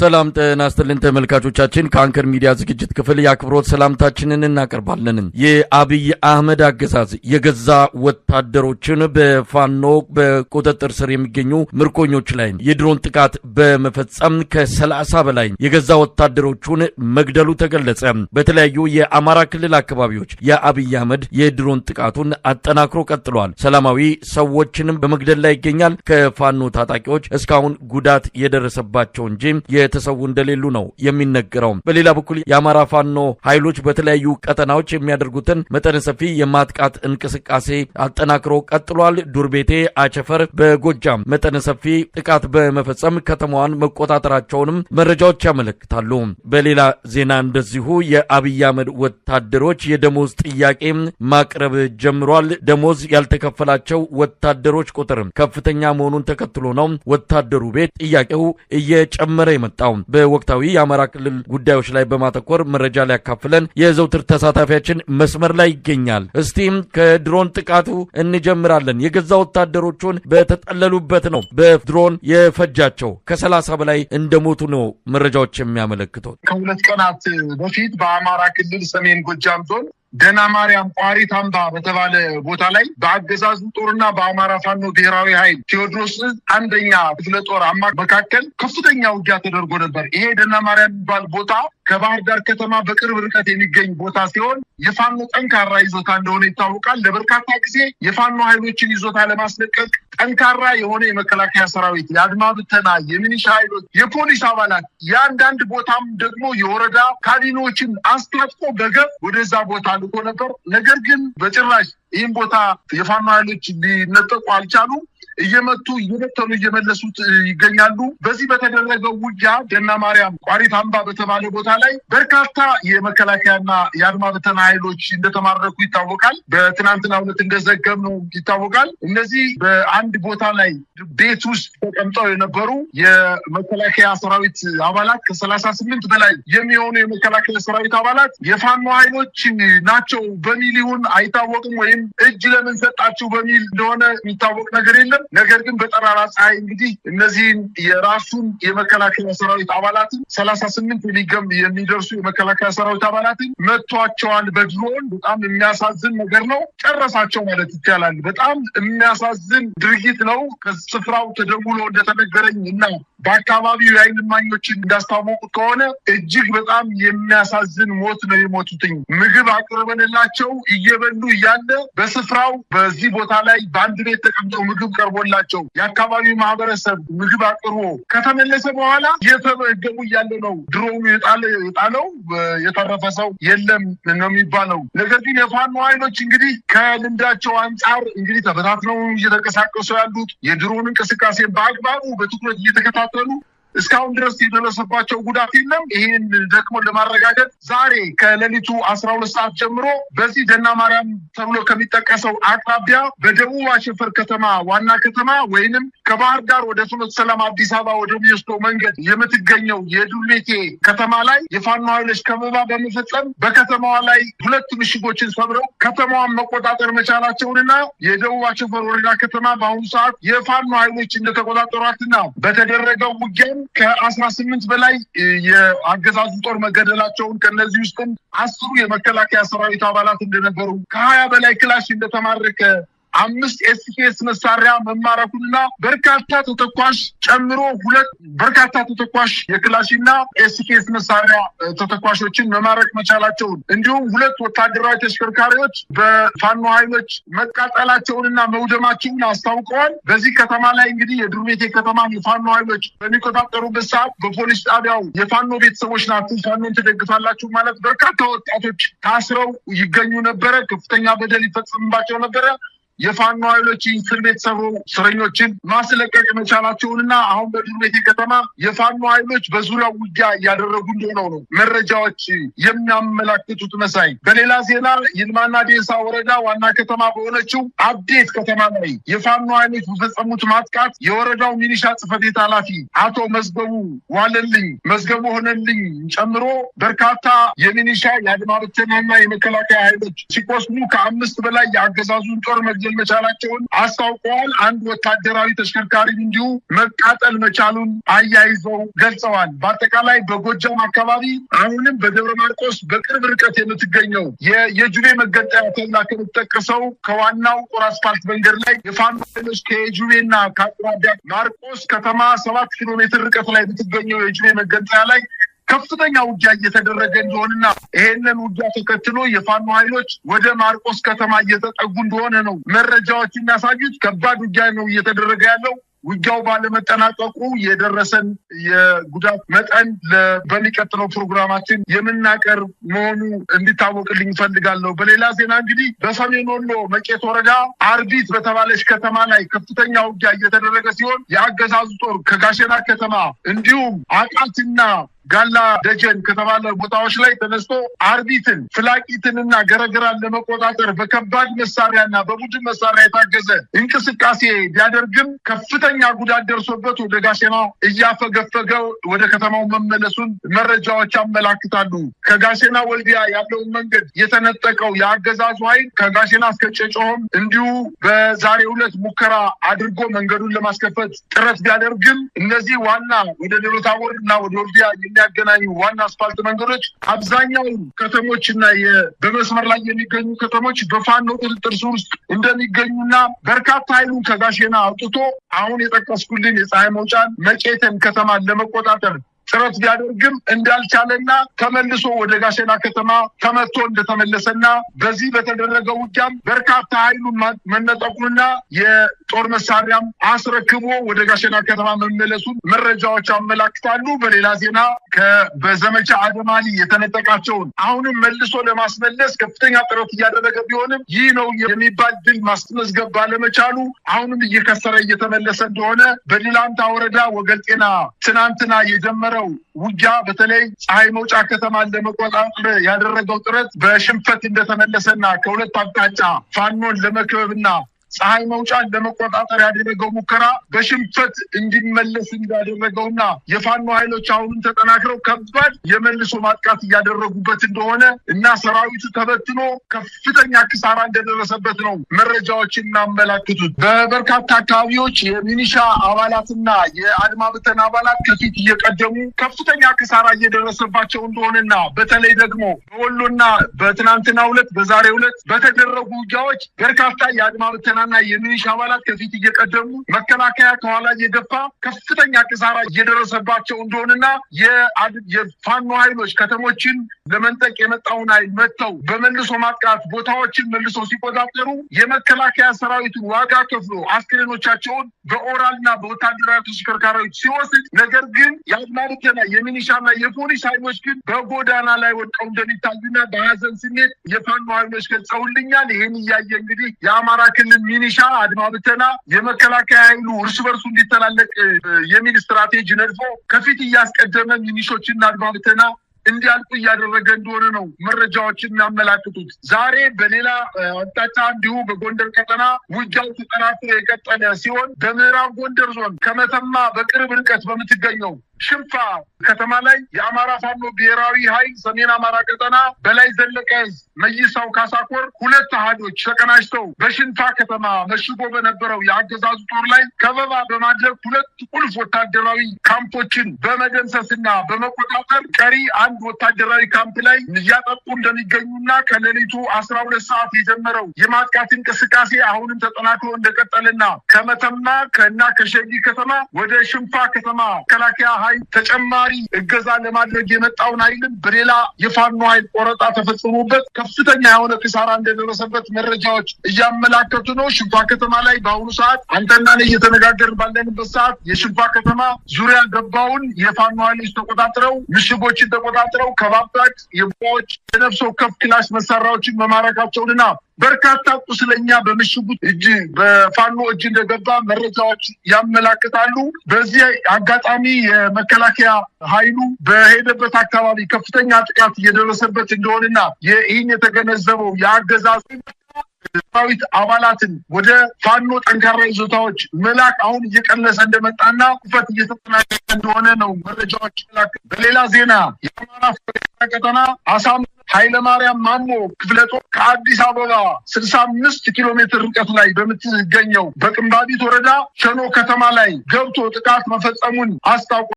ሰላም ጤና ይስጥልን ተመልካቾቻችን፣ ከአንከር ሚዲያ ዝግጅት ክፍል የአክብሮት ሰላምታችንን እናቀርባለን። የአብይ አህመድ አገዛዝ የገዛ ወታደሮችን በፋኖ በቁጥጥር ስር የሚገኙ ምርኮኞች ላይ የድሮን ጥቃት በመፈጸም ከሰላሳ በላይ የገዛ ወታደሮቹን መግደሉ ተገለጸ። በተለያዩ የአማራ ክልል አካባቢዎች የአብይ አህመድ የድሮን ጥቃቱን አጠናክሮ ቀጥሏል። ሰላማዊ ሰዎችንም በመግደል ላይ ይገኛል። ከፋኖ ታጣቂዎች እስካሁን ጉዳት የደረሰባቸው እንጂ የተሰዉ እንደሌሉ ነው የሚነገረው። በሌላ በኩል የአማራ ፋኖ ኃይሎች በተለያዩ ቀጠናዎች የሚያደርጉትን መጠነ ሰፊ የማጥቃት እንቅስቃሴ አጠናክሮ ቀጥሏል። ዱርቤቴ አቸፈር በጎጃም መጠነ ሰፊ ጥቃት በመፈጸም ከተማዋን መቆጣጠራቸውንም መረጃዎች ያመለክታሉ። በሌላ ዜና እንደዚሁ የአብይ አህመድ ወታደሮች የደሞዝ ጥያቄ ማቅረብ ጀምሯል። ደሞዝ ያልተከፈላቸው ወታደሮች ቁጥር ከፍተኛ መሆኑን ተከትሎ ነው ወታደሩ ቤት ጥያቄው እየጨመረ ይመጣል። የወጣው። በወቅታዊ የአማራ ክልል ጉዳዮች ላይ በማተኮር መረጃ ሊያካፍለን የዘውትር ተሳታፊያችን መስመር ላይ ይገኛል። እስቲም ከድሮን ጥቃቱ እንጀምራለን። የገዛ ወታደሮቹን በተጠለሉበት ነው በድሮን የፈጃቸው። ከሰላሳ በላይ እንደሞቱ ነው መረጃዎች የሚያመለክቱት። ከሁለት ቀናት በፊት በአማራ ክልል ሰሜን ጎጃም ዞን ደና ማርያም ቋሪ ታምባ በተባለ ቦታ ላይ በአገዛዙ ጦርና በአማራ ፋኖ ብሔራዊ ኃይል ቴዎድሮስ አንደኛ ክፍለ ጦር አማ መካከል ከፍተኛ ውጊያ ተደርጎ ነበር። ይሄ ደና ማርያም የሚባል ቦታ ከባህር ዳር ከተማ በቅርብ ርቀት የሚገኝ ቦታ ሲሆን የፋኖ ጠንካራ ይዞታ እንደሆነ ይታወቃል። ለበርካታ ጊዜ የፋኖ ኃይሎችን ይዞታ ለማስለቀቅ ጠንካራ የሆነ የመከላከያ ሰራዊት፣ የአድማ ብተና፣ የሚኒሻ ኃይሎች፣ የፖሊስ አባላት የአንዳንድ ቦታም ደግሞ የወረዳ ካቢኖችን አስታጥቆ በገብ ወደዛ ቦታ ልኮ ነበር። ነገር ግን በጭራሽ ይህም ቦታ የፋኖ ኃይሎች ሊነጠቁ አልቻሉም። እየመቱ እየበተኑ እየመለሱት ይገኛሉ። በዚህ በተደረገው ውጊያ ደና ማርያም ቋሪት አምባ በተባለ ቦታ ላይ በርካታ የመከላከያና የአድማ በተና ኃይሎች እንደተማረኩ ይታወቃል። በትናንትናው እንደዘገብ ነው ይታወቃል። እነዚህ በአንድ ቦታ ላይ ቤት ውስጥ ተቀምጠው የነበሩ የመከላከያ ሰራዊት አባላት ከሰላሳ ስምንት በላይ የሚሆኑ የመከላከያ ሰራዊት አባላት የፋኖ ኃይሎች ናቸው በሚል ይሁን አይታወቅም፣ ወይም እጅ ለምን ሰጣችሁ በሚል እንደሆነ የሚታወቅ ነገር የለም ነገር ግን በጠራራ ፀሐይ እንግዲህ እነዚህን የራሱን የመከላከያ ሰራዊት አባላትን ሰላሳ ስምንት የሚገም የሚደርሱ የመከላከያ ሰራዊት አባላትን መቷቸዋል በድሮን በጣም የሚያሳዝን ነገር ነው። ጨረሳቸው ማለት ይቻላል። በጣም የሚያሳዝን ድርጊት ነው። ከስፍራው ተደውሎ እንደተነገረኝ እና በአካባቢው የአይን እማኞችን እንዳስታወቁት ከሆነ እጅግ በጣም የሚያሳዝን ሞት ነው የሞቱትኝ። ምግብ አቅርበንላቸው እየበሉ እያለ በስፍራው በዚህ ቦታ ላይ በአንድ ቤት ተቀምጠው ምግብ ቀርቦ ቀርቦላቸው የአካባቢው ማህበረሰብ ምግብ አቅርቦ ከተመለሰ በኋላ እየተመገቡ እያለ ነው ድሮ የጣለው የተረፈ ሰው የለም ነው የሚባለው። ነገር ግን የፋኖ ኃይሎች እንግዲህ ከልምዳቸው አንጻር እንግዲህ ተበታትነው እየተንቀሳቀሱ ያሉት የድሮውን እንቅስቃሴ በአግባቡ በትኩረት እየተከታተሉ እስካሁን ድረስ የደረሰባቸው ጉዳት የለም። ይህን ደክሞ ለማረጋገጥ ዛሬ ከሌሊቱ አስራ ሁለት ሰዓት ጀምሮ በዚህ ደና ማርያም ተብሎ ከሚጠቀሰው አቅራቢያ በደቡብ አሸፈር ከተማ ዋና ከተማ ወይንም ከባህር ዳር ወደ ፍኖተ ሰላም አዲስ አበባ ወደሚወስደው መንገድ የምትገኘው የዱሌቴ ከተማ ላይ የፋኖ ኃይሎች ከበባ በመፈጸም በከተማዋ ላይ ሁለት ምሽጎችን ሰብረው ከተማዋን መቆጣጠር መቻላቸውንና የደቡብ አሸፈር ወረዳ ከተማ በአሁኑ ሰዓት የፋኖ ኃይሎች እንደተቆጣጠሯትና በተደረገው ውጊያም ከአስራ ስምንት በላይ የአገዛዙ ጦር መገደላቸውን ከነዚህ ውስጥም አስሩ የመከላከያ ሰራዊት አባላት እንደነበሩ ከሀያ በላይ ክላሽ እንደተማረከ አምስት ኤስኬስ መሳሪያ መማረኩንና በርካታ ተተኳሽ ጨምሮ ሁለት በርካታ ተተኳሽ የክላሽና ኤስኬስ መሳሪያ ተተኳሾችን መማረክ መቻላቸውን እንዲሁም ሁለት ወታደራዊ ተሽከርካሪዎች በፋኖ ኃይሎች መቃጠላቸውንና መውደማቸውን አስታውቀዋል። በዚህ ከተማ ላይ እንግዲህ የዱርቤቴ ከተማ የፋኖ ኃይሎች በሚቆጣጠሩበት ሰዓት በፖሊስ ጣቢያው የፋኖ ቤተሰቦች ናችሁ፣ ፋኖን ትደግፋላችሁ ማለት በርካታ ወጣቶች ታስረው ይገኙ ነበረ። ከፍተኛ በደል ይፈጽምባቸው ነበረ። የፋኖ ኃይሎች እስር ቤት ሰሩ እስረኞችን ማስለቀቅ መቻላቸውንና አሁን በዱር ቤቴ ከተማ የፋኖ ኃይሎች በዙሪያው ውጊያ እያደረጉ እንደሆነው ነው መረጃዎች የሚያመላክቱት። መሳይ በሌላ ዜና ይልማና ዴሳ ወረዳ ዋና ከተማ በሆነችው አብዴት ከተማ ላይ የፋኖ ኃይሎች በፈጸሙት ማጥቃት የወረዳው ሚኒሻ ጽህፈት ቤት ኃላፊ አቶ መዝገቡ ዋለልኝ መዝገቡ ሆነልኝ ጨምሮ በርካታ የሚኒሻ የአድማ ብተናና የመከላከያ ኃይሎች ሲቆስሉ ከአምስት በላይ የአገዛዙን ጦር መግዘ መወንጀል መቻላቸውን አስታውቀዋል። አንድ ወታደራዊ ተሽከርካሪ እንዲሁ መቃጠል መቻሉን አያይዘው ገልጸዋል። በአጠቃላይ በጎጃም አካባቢ አሁንም በደብረ ማርቆስ በቅርብ ርቀት የምትገኘው የጁቤ መገንጠያ ተብላ ከምትጠቀሰው ከዋናው ቁር አስፋልት መንገድ ላይ የፋኖ ኃይሎች ከጁቤና ከአቅራቢያ ማርቆስ ከተማ ሰባት ኪሎ ሜትር ርቀት ላይ የምትገኘው የጁቤ መገንጠያ ላይ ከፍተኛ ውጊያ እየተደረገ እንደሆነና ይሄንን ውጊያ ተከትሎ የፋኖ ኃይሎች ወደ ማርቆስ ከተማ እየተጠጉ እንደሆነ ነው መረጃዎች የሚያሳዩት። ከባድ ውጊያ ነው እየተደረገ ያለው። ውጊያው ባለመጠናቀቁ የደረሰን የጉዳት መጠን በሚቀጥለው ፕሮግራማችን የምናቀርብ መሆኑ እንዲታወቅልኝ ይፈልጋለሁ። በሌላ ዜና እንግዲህ በሰሜን ወሎ መቄት ወረዳ አርቢት በተባለች ከተማ ላይ ከፍተኛ ውጊያ እየተደረገ ሲሆን የአገዛዙ ጦር ከጋሸና ከተማ እንዲሁም አቃትና ጋላ ደጀን ከተባለ ቦታዎች ላይ ተነስቶ አርቢትን ፍላቂትንና ገረገራን ለመቆጣጠር በከባድ መሳሪያና በቡድን መሳሪያ የታገዘ እንቅስቃሴ ቢያደርግም ከፍተኛ ጉዳት ደርሶበት ወደ ጋሸና እያፈገፈገ ወደ ከተማው መመለሱን መረጃዎች ያመላክታሉ። ከጋሴና ወልዲያ ያለውን መንገድ የተነጠቀው የአገዛዙ ኃይል ከጋሴና እስከ ጨጮሆም እንዲሁ በዛሬ ሁለት ሙከራ አድርጎ መንገዱን ለማስከፈት ጥረት ቢያደርግም እነዚህ ዋና ወደ ደብረ እና ወደ ወልዲያ የሚያገናኙ ዋና አስፋልት መንገዶች አብዛኛው ከተሞችና በመስመር ላይ የሚገኙ ከተሞች በፋኖ ቁጥጥር ስር ውስጥ እንደሚገኙና በርካታ ኃይሉን ከጋሼና አውጥቶ አሁን የጠቀስኩልን የፀሐይ መውጫን መቄትን ከተማን ለመቆጣጠር ጥረት ቢያደርግም እንዳልቻለና ተመልሶ ወደ ጋሸና ከተማ ተመቶ እንደተመለሰና በዚህ በተደረገ ውጊያም በርካታ ኃይሉን መነጠቁንና የጦር መሳሪያም አስረክቦ ወደ ጋሸና ከተማ መመለሱን መረጃዎች አመላክታሉ። በሌላ ዜና በዘመቻ አደማሊ የተነጠቃቸውን አሁንም መልሶ ለማስመለስ ከፍተኛ ጥረት እያደረገ ቢሆንም ይህ ነው የሚባል ድል ማስመዝገብ ባለመቻሉ አሁንም እየከሰረ እየተመለሰ እንደሆነ በድላንታ ወረዳ ወገልጤና ትናንትና የጀመረ የነበረው ውጊያ በተለይ ፀሐይ መውጫ ከተማን ለመቆጣጠር ያደረገው ጥረት በሽንፈት እንደተመለሰና ከሁለት አቅጣጫ ፋኖን ለመክበብና ፀሐይ መውጫን ለመቆጣጠር ያደረገው ሙከራ በሽንፈት እንዲመለስ እንዳደረገውና የፋኖ ኃይሎች አሁንም ተጠናክረው ከባድ የመልሶ ማጥቃት እያደረጉበት እንደሆነ እና ሰራዊቱ ተበትኖ ከፍተኛ ክሳራ እንደደረሰበት ነው መረጃዎች እናመላክቱት። በበርካታ አካባቢዎች የሚኒሻ አባላትና የአድማ ብተን አባላት ከፊት እየቀደሙ ከፍተኛ ክሳራ እየደረሰባቸው እንደሆነና በተለይ ደግሞ በወሎና በትናንትና ሁለት በዛሬ ሁለት በተደረጉ ውጊያዎች በርካታ የአድማ ብተን የአፈናና የሚሊሻ አባላት ከፊት እየቀደሙ መከላከያ ከኋላ እየገፋ ከፍተኛ ቅሳራ እየደረሰባቸው እንደሆነና የፋኖ ኃይሎች ከተሞችን ለመንጠቅ የመጣውን ኃይል መጥተው በመልሶ ማጥቃት ቦታዎችን መልሶ ሲቆጣጠሩ የመከላከያ ሰራዊቱን ዋጋ ከፍሎ አስክሬኖቻቸውን በኦራልና በወታደራዊ ተሽከርካሪዎች ሲወስድ፣ ነገር ግን የአድማሪከና የሚኒሻና የፖሊስ ኃይሎች ግን በጎዳና ላይ ወድቀው እንደሚታዩና በሀዘን ስሜት የፋኖ ኃይሎች ገልጸውልኛል። ይህን እያየ እንግዲህ የአማራ ክልል ሚኒሻ፣ አድማ ብተና፣ የመከላከያ ኃይሉ እርስ በርሱ እንዲተላለቅ የሚል ስትራቴጂ ነድፎ ከፊት እያስቀደመ ሚኒሾችና አድማ ብተና እንዲያልቁ እያደረገ እንደሆነ ነው መረጃዎችን የሚያመላክቱት። ዛሬ በሌላ አቅጣጫ እንዲሁ በጎንደር ቀጠና ውጊያው ተጠናክሮ የቀጠለ ሲሆን በምዕራብ ጎንደር ዞን ከመተማ በቅርብ ርቀት በምትገኘው ሽንፋ ከተማ ላይ የአማራ ፋኖ ብሔራዊ ኃይል ሰሜን አማራ ቀጠና በላይ ዘለቀ ህዝብ መይሳው ካሳኮር ሁለት አህዶች ተቀናጅተው በሽንፋ ከተማ መሽጎ በነበረው የአገዛዙ ጦር ላይ ከበባ በማድረግ ሁለት ቁልፍ ወታደራዊ ካምፖችን በመደምሰስና በመቆጣጠር ቀሪ አንድ ወታደራዊ ካምፕ ላይ እያጠቁ እንደሚገኙና ከሌሊቱ አስራ ሁለት ሰዓት የጀመረው የማጥቃት እንቅስቃሴ አሁንም ተጠናክሮ እንደቀጠልና ከመተማ ከና ከሸጊ ከተማ ወደ ሽንፋ ከተማ መከላከያ ኃይል ተጨማሪ እገዛ ለማድረግ የመጣውን ኃይልም በሌላ የፋኖ ኃይል ቆረጣ ተፈጽሞበት ከፍተኛ የሆነ ኪሳራ እንደደረሰበት መረጃዎች እያመላከቱ ነው። ሽንፋ ከተማ ላይ በአሁኑ ሰዓት አንተና እየተነጋገር ባለንበት ሰዓት የሽንፋ ከተማ ዙሪያ ገባውን የፋኖ ኃይሎች ተቆጣጥረው ምሽጎችን ተቆጣጥረው ከባባድ የቦዎች የነፍሶ ከፍ ክላሽ መሳሪያዎችን መማረካቸውንና በርካታ ቁስለኛ በምሽጉ እጅ በፋኖ እጅ እንደገባ መረጃዎች ያመላክታሉ። በዚህ አጋጣሚ የመከላከያ ኃይሉ በሄደበት አካባቢ ከፍተኛ ጥቃት እየደረሰበት እንደሆነና ይህን የተገነዘበው የአገዛዝ ሰራዊት አባላትን ወደ ፋኖ ጠንካራ ይዞታዎች መላክ አሁን እየቀነሰ እንደመጣና ቁፈት እየተጠናቀቀ እንደሆነ ነው መረጃዎች። በሌላ ዜና የአማራ ቀጠና አሳም ኃይለማርያም ማሞ ክፍለ ጦር ከአዲስ አበባ ስልሳ አምስት ኪሎ ሜትር ርቀት ላይ በምትገኘው በቅንባቢት ወረዳ ሸኖ ከተማ ላይ ገብቶ ጥቃት መፈጸሙን አስታውቋል።